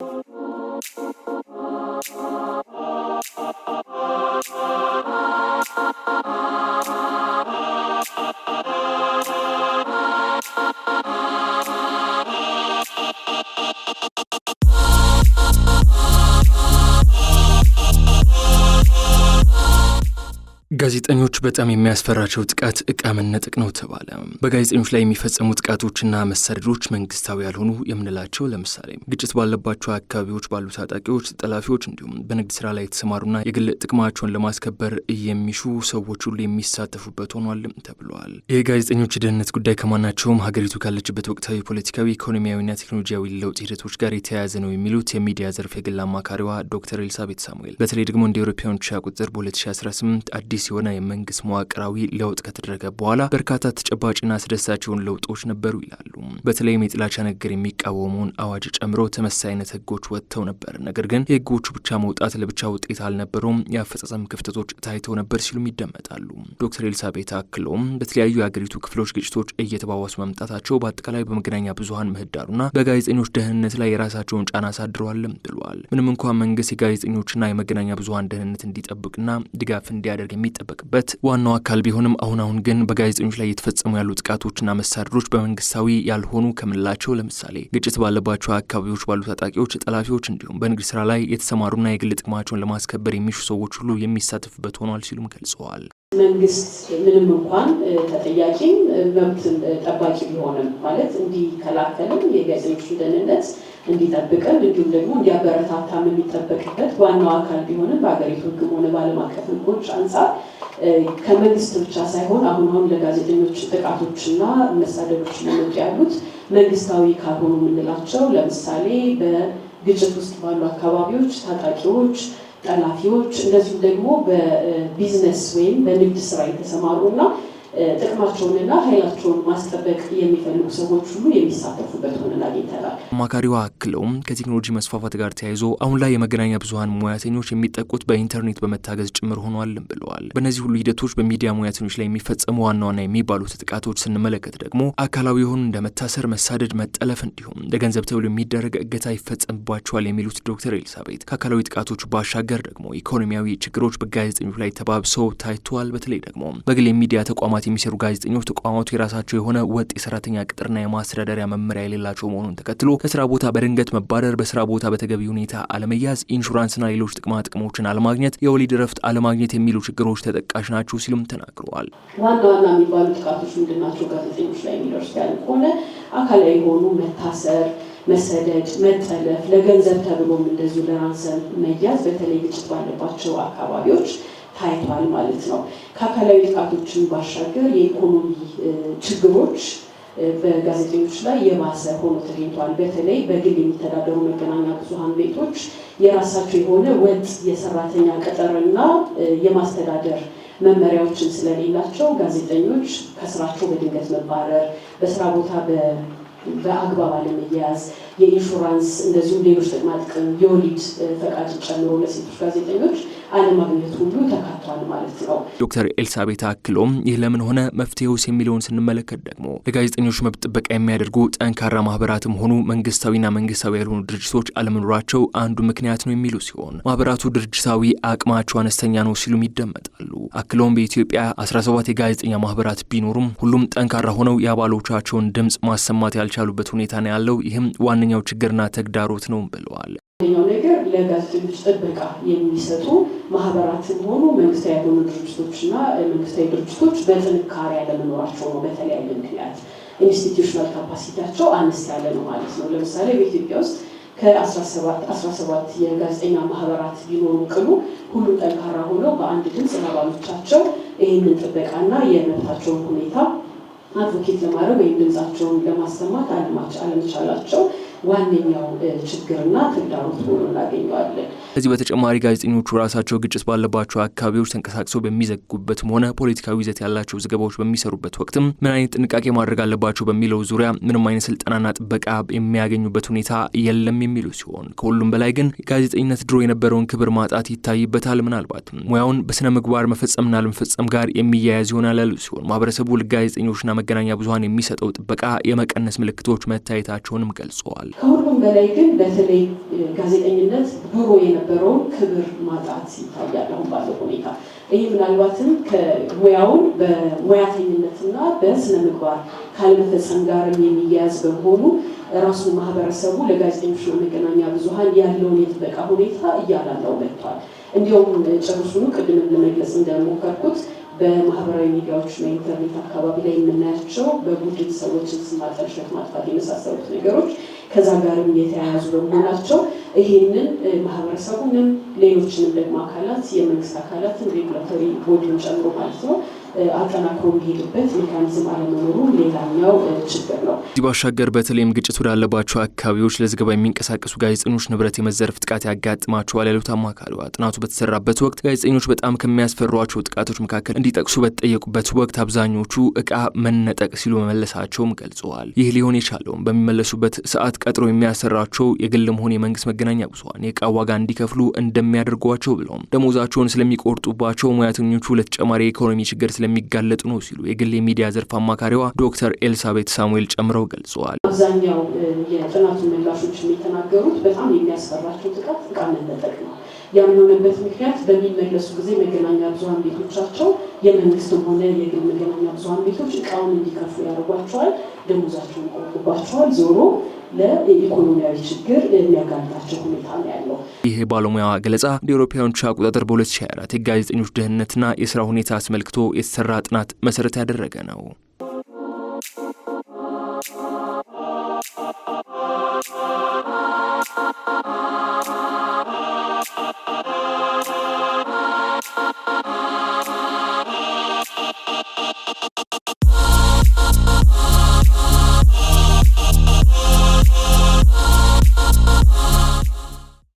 Oh, ጋዜጠኞች በጣም የሚያስፈራቸው ጥቃት እቃ መነጠቅ ነው ተባለ። በጋዜጠኞች ላይ የሚፈጸሙ ጥቃቶችና መሰደዶች መንግስታዊ ያልሆኑ የምንላቸው ለምሳሌ ግጭት ባለባቸው አካባቢዎች ባሉ ታጣቂዎች፣ ጠላፊዎች እንዲሁም በንግድ ስራ ላይ የተሰማሩና የግል ጥቅማቸውን ለማስከበር የሚሹ ሰዎች ሁሉ የሚሳተፉበት ሆኗል ተብለዋል። ይህ ጋዜጠኞች የደህንነት ጉዳይ ከማናቸውም ሀገሪቱ ካለችበት ወቅታዊ ፖለቲካዊ፣ ኢኮኖሚያዊና ቴክኖሎጂያዊ ለውጥ ሂደቶች ጋር የተያያዘ ነው የሚሉት የሚዲያ ዘርፍ የግል አማካሪዋ ዶክተር ኤልሳቤት ሳሙኤል በተለይ ደግሞ እንደ አውሮፓውያን ቁጥር በ2018 አዲስ የሆነ የመንግስት መዋቅራዊ ለውጥ ከተደረገ በኋላ በርካታ ተጨባጭና አስደሳቸውን ለውጦች ነበሩ ይላሉ። በተለይም የጥላቻ ንግግር የሚቃወመውን አዋጅ ጨምሮ ተመሳሳይ አይነት ህጎች ወጥተው ነበር። ነገር ግን የህጎቹ ብቻ መውጣት ለብቻ ውጤት አልነበረውም። የአፈጻጸም ክፍተቶች ታይተው ነበር ሲሉም ይደመጣሉ። ዶክተር ኤልሳቤት አክለውም በተለያዩ የአገሪቱ ክፍሎች ግጭቶች እየተባባሱ መምጣታቸው በአጠቃላይ በመገናኛ ብዙሀን ምህዳሩና በጋዜጠኞች ደህንነት ላይ የራሳቸውን ጫና አሳድረዋልም ብለዋል። ምንም እንኳን መንግስት የጋዜጠኞችና የመገናኛ ብዙሀን ደህንነት እንዲጠብቅና ድጋፍ እንዲያደርግ የሚ የሚጠበቅበት ዋናው አካል ቢሆንም አሁን አሁን ግን በጋዜጠኞች ላይ የተፈጸሙ ያሉ ጥቃቶችና መሳደዶች በመንግስታዊ ያልሆኑ ከምንላቸው ለምሳሌ ግጭት ባለባቸው አካባቢዎች ባሉ ታጣቂዎች፣ ጠላፊዎች እንዲሁም በንግድ ስራ ላይ የተሰማሩና የግል ጥቅማቸውን ለማስከበር የሚሹ ሰዎች ሁሉ የሚሳተፍበት ሆኗል ሲሉም ገልጸዋል። መንግስት ምንም እንኳን ተጠያቂም መብት ጠባቂ ቢሆንም ማለት እንዲከላከልም የጋዜጠኞችን ደህንነት እንዲጠብቅም እንዲሁም ደግሞ እንዲያበረታታም የሚጠበቅበት ዋናው አካል ቢሆንም በሀገሪቱ ሕግም ሆነ በዓለም አቀፍ ህጎች አንጻር ከመንግስት ብቻ ሳይሆን አሁን አሁን ለጋዜጠኞች ጥቃቶችና መሳደሮች እየመጡ ያሉት መንግስታዊ ካልሆኑ የምንላቸው ለምሳሌ በግጭት ውስጥ ባሉ አካባቢዎች ታጣቂዎች ጠላፊዎች፣ እንደዚሁም ደግሞ በቢዝነስ ወይም በንግድ ስራ የተሰማሩ እና ጥቅማቸውንና ኃይላቸውን ማስጠበቅ የሚፈልጉ ሰዎች ሁሉ የሚሳተፉበት ሆነን አግኝተናል። አማካሪዋ አክለውም ከቴክኖሎጂ መስፋፋት ጋር ተያይዞ አሁን ላይ የመገናኛ ብዙኃን ሙያተኞች የሚጠቁት በኢንተርኔት በመታገዝ ጭምር ሆኗልም ብለዋል። በእነዚህ ሁሉ ሂደቶች በሚዲያ ሙያተኞች ላይ የሚፈጸሙ ዋና ዋና የሚባሉት ጥቃቶች ስንመለከት ደግሞ አካላዊ የሆኑ እንደ መታሰር፣ መሳደድ፣ መጠለፍ እንዲሁም እንደ ገንዘብ ተብሎ የሚደረግ እገታ ይፈጸምባቸዋል የሚሉት ዶክተር ኤልሳቤት ከአካላዊ ጥቃቶች ባሻገር ደግሞ ኢኮኖሚያዊ ችግሮች በጋዜጠኞች ላይ ተባብሰው ታይተዋል። በተለይ ደግሞ በግል የሚዲያ ተቋማት ተቋማት የሚሰሩ ጋዜጠኞች ተቋማቱ የራሳቸው የሆነ ወጥ የሰራተኛ ቅጥርና የማስተዳደሪያ መመሪያ የሌላቸው መሆኑን ተከትሎ ከስራ ቦታ በድንገት መባረር፣ በስራ ቦታ በተገቢ ሁኔታ አለመያዝ፣ ኢንሹራንስና ሌሎች ጥቅማ ጥቅሞችን አለማግኘት፣ የወሊድ ረፍት አለማግኘት የሚሉ ችግሮች ተጠቃሽ ናቸው ሲሉም ተናግረዋል። ዋና ዋና የሚባሉ ጥቃቶች ምንድናቸው? ጋዜጠኞች ላይ የሚደርስ ያለ ከሆነ አካላዊ የሆኑ መታሰር መሰደድ፣ መጠለፍ፣ ለገንዘብ ተብሎም እንደዚሁ ለራንሰም መያዝ በተለይ ግጭት ባለባቸው አካባቢዎች ታይቷል ማለት ነው። ከአካላዊ ጥቃቶችን ባሻገር የኢኮኖሚ ችግሮች በጋዜጠኞች ላይ የባሰ ሆኖ ተገኝቷል። በተለይ በግል የሚተዳደሩ መገናኛ ብዙሃን ቤቶች የራሳቸው የሆነ ወጥ የሰራተኛ ቅጥርና የማስተዳደር መመሪያዎችን ስለሌላቸው ጋዜጠኞች ከስራቸው በድንገት መባረር፣ በስራ ቦታ በአግባብ አለመያያዝ የኢንሹራንስ እንደዚሁም ሌሎች ጥቅማ ጥቅም የወሊድ ፈቃድ ጨምሮ ለሴቶች ጋዜጠኞች አለማግኘት ሁሉ ተካቷል ማለት ነው። ዶክተር ኤልሳቤት አክሎም ይህ ለምን ሆነ መፍትሄውስ የሚለውን ስንመለከት ደግሞ ለጋዜጠኞች መብት ጥበቃ የሚያደርጉ ጠንካራ ማህበራትም ሆኑ መንግስታዊና መንግስታዊ ያልሆኑ ድርጅቶች አለመኖራቸው አንዱ ምክንያት ነው የሚሉ ሲሆን ማህበራቱ ድርጅታዊ አቅማቸው አነስተኛ ነው ሲሉም ይደመጣሉ። አክለውም በኢትዮጵያ 17 የጋዜጠኛ ማህበራት ቢኖሩም ሁሉም ጠንካራ ሆነው የአባሎቻቸውን ድምፅ ማሰማት ያልቻሉበት ሁኔታ ነው ያለው። ይህም ዋነኛ ዋነኛው ችግርና ተግዳሮት ነው ብለዋል። ኛው ነገር ለጋዜጠኞች ጥበቃ የሚሰጡ ማህበራትን ሆኑ መንግስታዊ ያልሆኑ እና መንግስታዊ ድርጅቶች በጥንካሬ ያለመኖራቸው ነው። በተለያየ ምክንያት ኢንስቲትዩሽናል ካፓሲቲያቸው አነስ ያለ ነው ማለት ነው። ለምሳሌ በኢትዮጵያ ውስጥ ከ17 የጋዜጠኛ ማህበራት ቢኖሩ ቅሉ ሁሉ ጠንካራ ሆነው በአንድ ድምፅ ለአባሎቻቸው ይህንን ጥበቃና የመብታቸውን ሁኔታ አድቮኬት ለማድረግ ወይም ድምፃቸውን ለማሰማት አለመቻላቸው ዋነኛው ችግርና ትዳሮት ሆኖ እናገኘዋለን። ከዚህ በተጨማሪ ጋዜጠኞቹ ራሳቸው ግጭት ባለባቸው አካባቢዎች ተንቀሳቅሰው በሚዘግቡበትም ሆነ ፖለቲካዊ ይዘት ያላቸው ዘገባዎች በሚሰሩበት ወቅትም ምን አይነት ጥንቃቄ ማድረግ አለባቸው በሚለው ዙሪያ ምንም አይነት ስልጠናና ጥበቃ የሚያገኙበት ሁኔታ የለም የሚሉ ሲሆን ከሁሉም በላይ ግን ጋዜጠኝነት ድሮ የነበረውን ክብር ማጣት ይታይበታል። ምናልባት ሙያውን በስነ ምግባር መፈጸምና አለመፈጸም ጋር የሚያያዝ ይሆናል ያሉ ሲሆን ማህበረሰቡ ለጋዜጠኞችና መገናኛ ብዙሀን የሚሰጠው ጥበቃ የመቀነስ ምልክቶች መታየታቸውንም ገልጸዋል። ከሁሉም በላይ ግን በተለይ ጋዜጠኝነት ድሮ የነበረውን ክብር ማጣት ይታያል አሁን ባለው ሁኔታ። ይህ ምናልባትም ሙያውን በሙያተኝነትና በስነ ምግባር ካለመፈጸም ጋርም የሚያያዝ በመሆኑ ራሱ ማህበረሰቡ ለጋዜጠኞች መገናኛ ብዙሀን ያለውን የጥበቃ ሁኔታ እያላለው መጥቷል። እንዲሁም ጨርሱኑ ቅድምን ለመግለጽ እንደሞከርኩት በማህበራዊ ሚዲያዎች ና ኢንተርኔት አካባቢ ላይ የምናያቸው በቡድን ሰዎችን ስም ማጠልሸት፣ ማጥፋት የመሳሰሉት ነገሮች ከዛ ጋርም የተያያዙ በመሆናቸው ይሄንን ማህበረሰቡንም ሌሎችንም ደግሞ አካላት የመንግስት አካላትን ሬጉላቶሪ ቦዲን ጨምሮ ማለት ነው አጠናክሮ የሚሄድበት ሜካኒዝም አለመኖሩ ሌላኛው ችግር ነው። እዚህ ባሻገር በተለይም ግጭት ወዳለባቸው አካባቢዎች ለዘገባ የሚንቀሳቀሱ ጋዜጠኞች ንብረት የመዘረፍ ጥቃት ያጋጥማቸዋል ያሉት አማካሪዋ ጥናቱ በተሰራበት ወቅት ጋዜጠኞች በጣም ከሚያስፈሯቸው ጥቃቶች መካከል እንዲጠቅሱ በተጠየቁበት ወቅት አብዛኞቹ እቃ መነጠቅ ሲሉ መመለሳቸውም ገልጸዋል። ይህ ሊሆን የቻለውም በሚመለሱበት ሰዓት ቀጥሮ የሚያሰራቸው የግል መሆን የመንግስት መገናኛ ብዙኃን የእቃ ዋጋ እንዲከፍሉ እንደሚያደርጓቸው ብለውም ደሞዛቸውን ስለሚቆርጡባቸው ሙያተኞቹ ለተጨማሪ የኢኮኖሚ ችግር ስለሚጋለጡ ነው ሲሉ የግል የሚዲያ ዘርፍ አማካሪዋ ዶክተር ኤልሳቤት ሳሙኤል ጨምረው ገልጸዋል። አብዛኛው የጥናቱ መላሾች የሚተናገሩት በጣም የሚያስፈራቸው ጥቃት ጥቃ መነጠቅ ነው የሚሆንበት ምክንያት በሚመለሱ ጊዜ መገናኛ ብዙሀን ቤቶቻቸው የመንግስትም ሆነ የግል መገናኛ ብዙሀን ቤቶች እቃውን እንዲከፉ ያደርጓቸዋል፣ ደሞዛቸውን ይቆርጡባቸዋል። ዞሮ ለኢኮኖሚያዊ ችግር የሚያጋልጣቸው ሁኔታ ነው ያለው። ይህ የባለሙያ ገለጻ እንደ አውሮፓውያኑ አቆጣጠር በ2024 የጋዜጠኞች ደህንነትና የስራ ሁኔታ አስመልክቶ የተሰራ ጥናት መሰረት ያደረገ ነው።